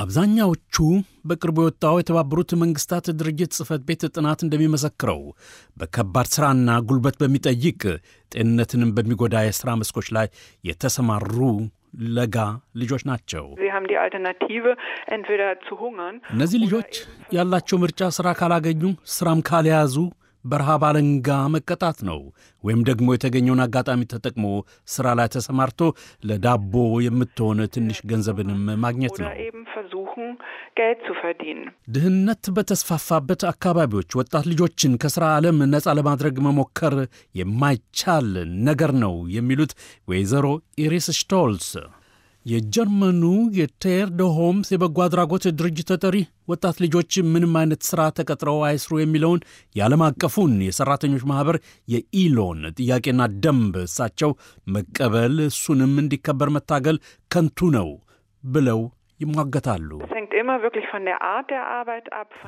አብዛኛዎቹ በቅርቡ የወጣው የተባበሩት መንግስታት ድርጅት ጽህፈት ቤት ጥናት እንደሚመሰክረው በከባድ ሥራና ጉልበት በሚጠይቅ ጤንነትንም በሚጎዳ የሥራ መስኮች ላይ የተሰማሩ ለጋ ልጆች ናቸው። እነዚህ ልጆች ያላቸው ምርጫ ሥራ ካላገኙ፣ ሥራም ካልያዙ በረሃ ባለንጋ መቀጣት ነው ወይም ደግሞ የተገኘውን አጋጣሚ ተጠቅሞ ስራ ላይ ተሰማርቶ ለዳቦ የምትሆን ትንሽ ገንዘብንም ማግኘት ነው። ድህነት በተስፋፋበት አካባቢዎች ወጣት ልጆችን ከሥራ ዓለም ነፃ ለማድረግ መሞከር የማይቻል ነገር ነው የሚሉት ወይዘሮ ኢሪስ ሽቶልስ የጀርመኑ የቴርደ የበጎ አድራጎት ድርጅት ተጠሪ ወጣት ልጆች ምንም አይነት ሥራ ተቀጥረው አይስሩ የሚለውን የዓለም አቀፉን የሠራተኞች ማኅበር የኢሎን ጥያቄና ደንብ እሳቸው መቀበል እሱንም እንዲከበር መታገል ከንቱ ነው ብለው ይሟገታሉ።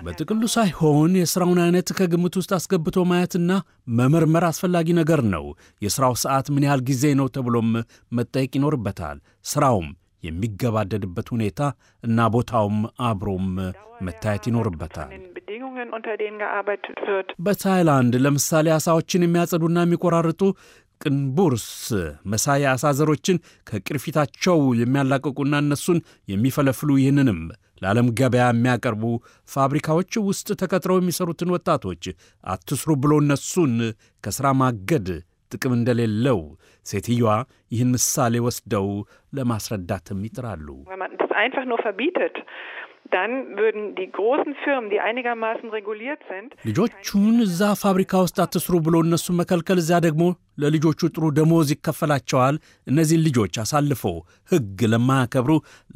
በጥቅሉ ሳይሆን የሥራውን አይነት ከግምት ውስጥ አስገብቶ ማየትና መመርመር አስፈላጊ ነገር ነው። የሥራው ሰዓት ምን ያህል ጊዜ ነው ተብሎም መጠየቅ ይኖርበታል። ሥራውም የሚገባደድበት ሁኔታ እና ቦታውም አብሮም መታየት ይኖርበታል። በታይላንድ ለምሳሌ ዓሣዎችን የሚያጸዱና የሚቆራርጡ ቅንቡርስ መሳይ አሳዘሮችን ከቅርፊታቸው የሚያላቅቁና እነሱን የሚፈለፍሉ ይህንንም ለዓለም ገበያ የሚያቀርቡ ፋብሪካዎች ውስጥ ተቀጥረው የሚሰሩትን ወጣቶች አትስሩ ብሎ እነሱን ከሥራ ማገድ ጥቅም እንደሌለው ሴትዮዋ ይህን ምሳሌ ወስደው ለማስረዳትም ይጥራሉ dann würden die großen Firmen, die einigermaßen reguliert sind, ልጆቹን እዛ ፋብሪካ ውስጥ አትስሩ ብሎ እነሱ መከልከል፣ እዚያ ደግሞ ለልጆቹ ጥሩ ደሞዝ ይከፈላቸዋል። እነዚህን ልጆች አሳልፎ ሕግ ለማያከብሩ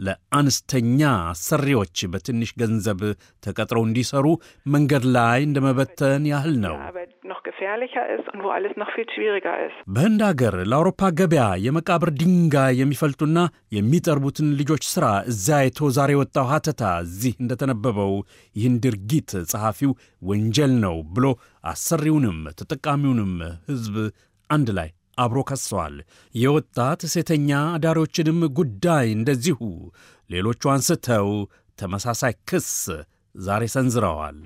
ለአነስተኛ ሰሪዎች በትንሽ ገንዘብ ተቀጥረው እንዲሰሩ መንገድ ላይ እንደ መበተን ያህል ነው። gefährlicher ist und wo alles noch viel schwieriger ist። በህንድ ሀገር ለአውሮፓ ገበያ የመቃብር ድንጋይ የሚፈልጡና የሚጠርቡትን ልጆች ስራ እዚያ አይቶ ዛሬ የወጣው ሀተታ እዚህ እንደተነበበው ይህን ድርጊት ጸሐፊው ወንጀል ነው ብሎ አሰሪውንም ተጠቃሚውንም ህዝብ አንድ ላይ አብሮ ከሰዋል። የወጣት ሴተኛ አዳሪዎችንም ጉዳይ እንደዚሁ ሌሎቹ አንስተው ተመሳሳይ ክስ ዛሬ ሰንዝረዋል።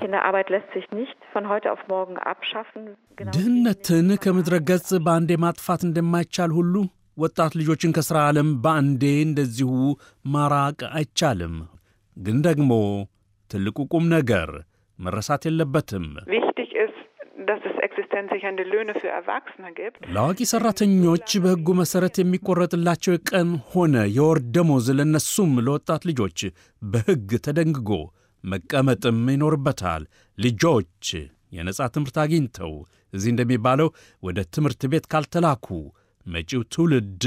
ድህነትን ከምድረ ገጽ በአንዴ ማጥፋት እንደማይቻል ሁሉ ወጣት ልጆችን ከሥራ ዓለም በአንዴ እንደዚሁ ማራቅ አይቻልም። ግን ደግሞ ትልቁ ቁም ነገር መረሳት የለበትም። ለአዋቂ ሠራተኞች በሕጉ መሠረት የሚቆረጥላቸው የቀን ሆነ የወር ደሞዝ ለእነሱም ለወጣት ልጆች በሕግ ተደንግጎ መቀመጥም ይኖርበታል። ልጆች የነጻ ትምህርት አግኝተው እዚህ እንደሚባለው ወደ ትምህርት ቤት ካልተላኩ መጪው ትውልድ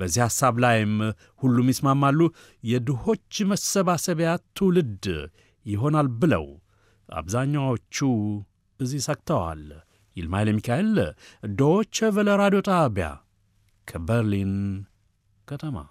በዚህ ሐሳብ ላይም ሁሉም ይስማማሉ፣ የድሆች መሰባሰቢያ ትውልድ ይሆናል ብለው አብዛኛዎቹ እዚህ ሰግተዋል። ይልማ ኃይለ ሚካኤል ዶቸ ቨለ ራዲዮ ጣቢያ ከበርሊን ከተማ